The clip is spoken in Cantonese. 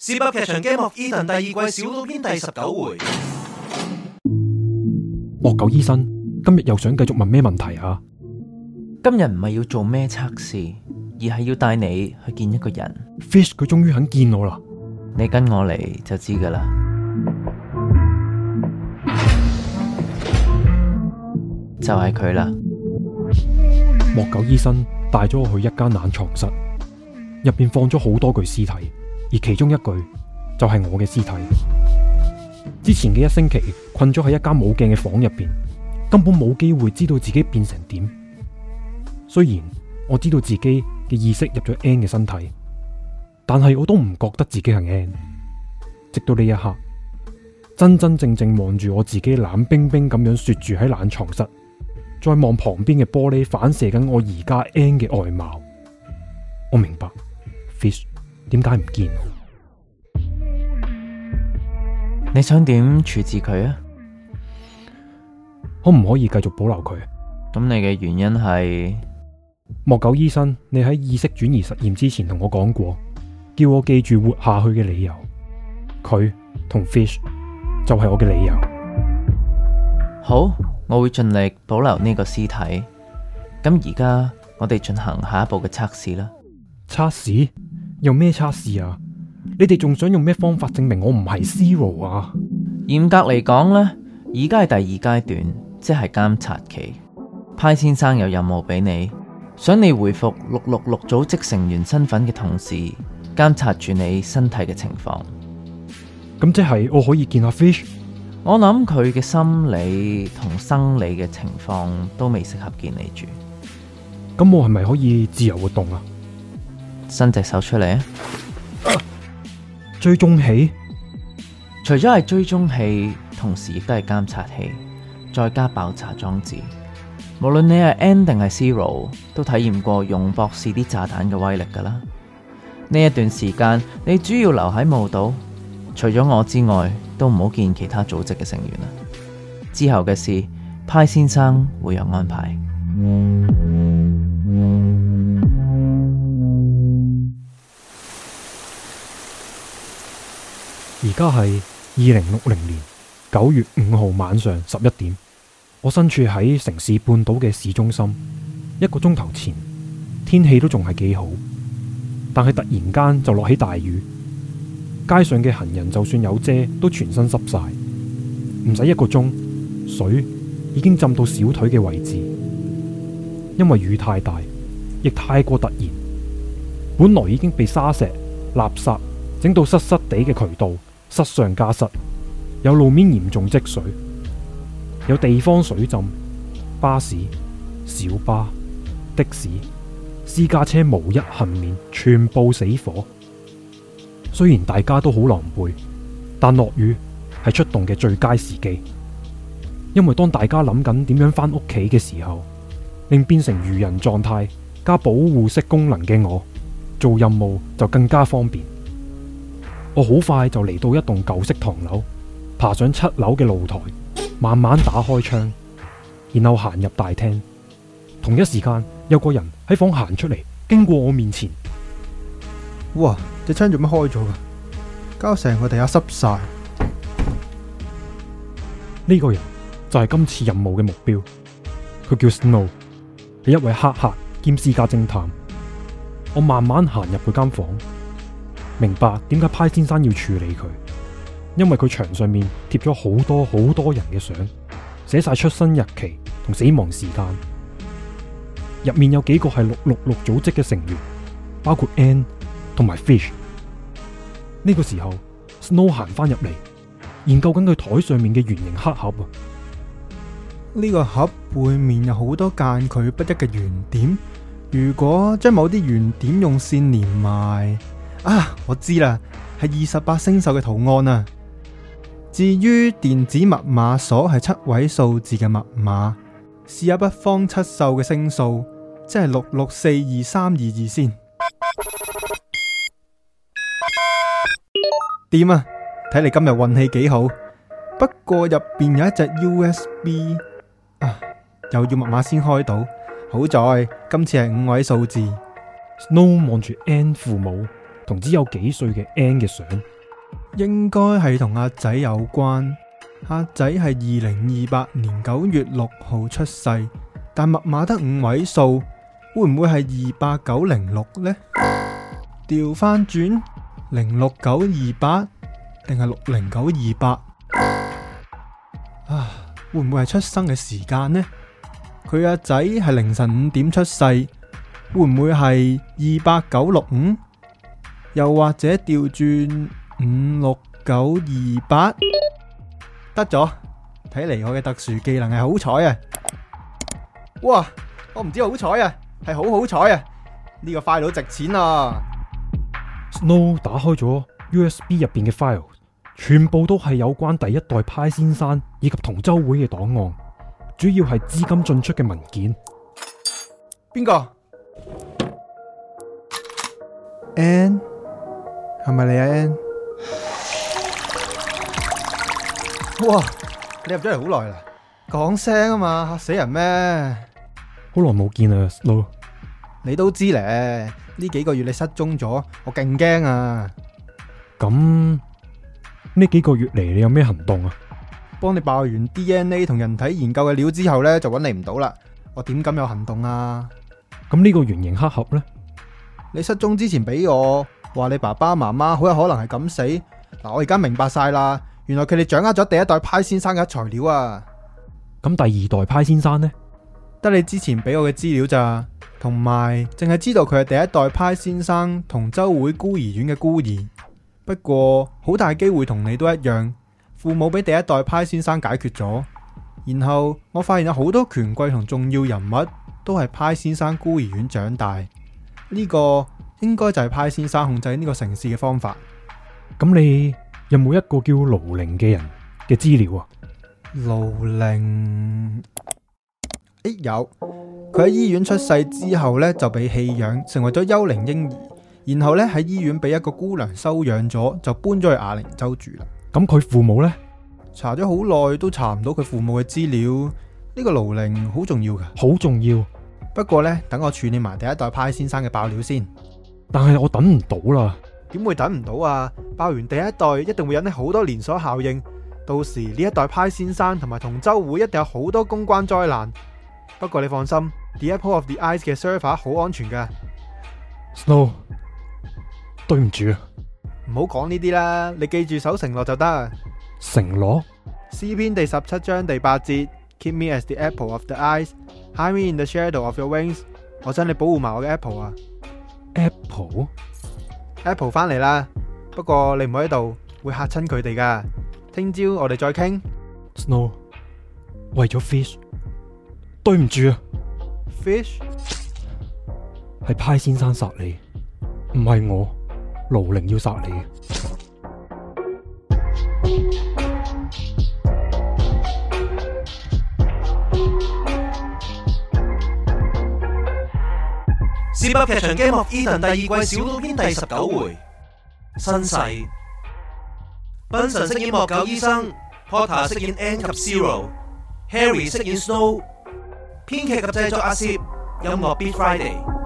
《Zip 噏劇場 Game of Eden 第二季小島篇第十九回。莫九醫生，今日又想繼續問咩問題啊？今日唔係要做咩測試，而係要帶你去見一個人。Fish，佢終於肯見我啦！你跟我嚟就知噶啦。就係佢啦。莫九醫生帶咗我去一間冷藏室，入邊放咗好多具屍體。而其中一具就係、是、我嘅屍體。之前嘅一星期困咗喺一間冇鏡嘅房入邊，根本冇機會知道自己變成點。雖然我知道自己嘅意識入咗 N 嘅身體，但係我都唔覺得自己係 N。直到呢一刻，真真正正望住我自己冷冰冰咁樣雪住喺冷藏室，再望旁邊嘅玻璃反射緊我而家 N 嘅外貌，我明白 Fish。點解唔見？你想點處置佢啊？可唔可以繼續保留佢？咁你嘅原因係？莫九醫生，你喺意識轉移實驗之前同我講過，叫我記住活下去嘅理由。佢同 Fish 就係我嘅理由。好，我會盡力保留呢個屍體。咁而家我哋進行下一步嘅測試啦。測試。有咩測試啊？你哋仲想用咩方法證明我唔係 Zero 啊？嚴格嚟講呢，而家係第二階段，即係監察期。派先生有任務俾你，想你回復六六六組織成員身份嘅同時，監察住你身體嘅情況。咁即係我可以見下 Fish？我諗佢嘅心理同生理嘅情況都未適合見你住。咁我係咪可以自由活動啊？伸隻手出嚟啊！追蹤器，除咗係追蹤器，同時亦都係監察器，再加爆炸裝置。無論你係 N 定係 Zero 都體驗過容博士啲炸彈嘅威力㗎啦。呢一段時間，你主要留喺墓島，除咗我之外，都唔好見其他組織嘅成員啦。之後嘅事，π 先生會有安排。而家係二零六零年九月五號晚上十一點，我身處喺城市半島嘅市中心。一個鐘頭前，天氣都仲係幾好，但係突然間就落起大雨，街上嘅行人就算有遮，都全身濕晒。唔使一個鐘，水已經浸到小腿嘅位置。因為雨太大，亦太過突然，本來已經被沙石、垃圾整到塞塞地嘅渠道。塞上加塞，有路面嚴重積水，有地方水浸，巴士、小巴、的士、私家車無一幸免，全部死火。雖然大家都好狼狽，但落雨係出動嘅最佳時機，因為當大家諗緊點樣返屋企嘅時候，令變成魚人狀態加保護色功能嘅我做任務就更加方便。我好快就嚟到一棟舊式唐樓，爬上七樓嘅露台，慢慢打開窗，然後行入大廳。同一時間，有個人喺房行出嚟，經過我面前。哇！隻窗做咩開咗噶？搞成我地下濕晒。呢個人就係今次任務嘅目標，佢叫 Snow，係一位黑客兼私家偵探。我慢慢行入佢間房。明白點解 π 先生要處理佢，因為佢牆上面貼咗好多好多人嘅相，寫晒出生日期同死亡時間。入面有幾個係六六六組織嘅成員，包括 N 同埋 Fish。呢個時候，Snow 行返入嚟，研究緊佢台上面嘅圓形黑盒啊。呢個盒背面有好多間距不一嘅圓點，如果將某啲圓點用綫連埋。啊！我知啦，係二十八星宿嘅圖案啊。至於電子密碼鎖係七位數字嘅密碼，試下北方七宿嘅星數，即係六六四二三二二先。掂啊！睇嚟今日運氣幾好，不過入面有一隻 U S B 啊，又要密碼先開到。好在今次係五位數字。Snow 望住 N 父母。同只有幾歲嘅 N 嘅相，應該係同阿仔有關。阿仔係二零二八年九月六號出世，但密碼得五位數，會唔會係二八九零六呢？調返轉零六九二八，定係六零九二八？啊，會唔會係出生嘅時間呢？佢阿仔係凌晨五點出世，會唔會係二八九六五？又或者調轉五六九二八，5, 6, 9, 得咗。睇嚟，我嘅特殊技能係好彩啊！哇，我唔只好彩啊，係好好彩啊！呢、這個 files 值錢啊！Snow 打開咗 USB 入邊嘅 file，全部都係有關第一代 π 先生以及同舟會嘅檔案，主要係資金進出嘅文件。邊個？N。And? 係咪你啊 N？哇！你入咗嚟好耐啦，講聲啊嘛，嚇死人咩？好耐冇見啊，老。你都知咧，呢幾個月你失蹤咗，我勁驚啊！咁呢幾個月嚟，你有咩行動啊？幫你爆完 DNA 同人體研究嘅料之後咧，就揾你唔到啦。我點敢有行動啊？咁呢個圓形黑盒咧？你失蹤之前俾我。話你爸爸媽媽好有可能係咁死嗱，我而家明白晒啦。原來佢哋掌握咗第一代派先生嘅材料啊！咁第二代派先生呢？得你之前俾我嘅資料咋，同埋淨係知道佢係第一代派先生同舟會孤兒院嘅孤兒。不過好大機會同你都一樣，父母俾第一代派先生解決咗。然後我發現有好多權貴同重要人物都係派先生孤兒院長大呢個，應該就係派先生控制呢個城市嘅方法。咁你有冇一個叫盧寧嘅人嘅資料啊？盧寧？誒，有。佢喺醫院出世之後呢，就被棄養，成爲咗幽靈嬰兒。然後呢，喺醫院俾一個姑娘收養咗，就搬咗去亞寧州住啦。咁佢父母呢，查咗好耐都查唔到佢父母嘅資料。呢個盧寧好重要㗎，好重要。不過呢，等我處理埋第一代派先生嘅爆料先。但係我等唔到啦，點會等唔到啊？爆完第一代一定會引起好多連鎖效應，到時呢一代 π 先生和同埋同舟會一定有好多公關災難。不過你放心，The Apple of the Eyes 嘅 server 好安全嘅。Snow，對唔住，唔好講呢啲啦，你記住守承諾就得。承諾？詩篇第十七章第八節，Keep me as the apple of the eyes，Hide me mean in the shadow of your wings。我想你保護埋我嘅 apple 啊！好，Apple 翻嚟啦。不過你唔好喺度，會嚇親佢哋噶。聽朝我哋再傾。Snow，為咗 Fish，對唔住啊。Fish，係 π 先生殺你，唔係我，勞玲要殺你。Zip 噏劇場 Game of Eden 第二季小島篇第十九回，身世。Benson 飾演莫九醫生，Potter 飾演 N 及 Zero，Harry 飾演 Snow。編劇及製作阿攝，音樂 Beat Friday。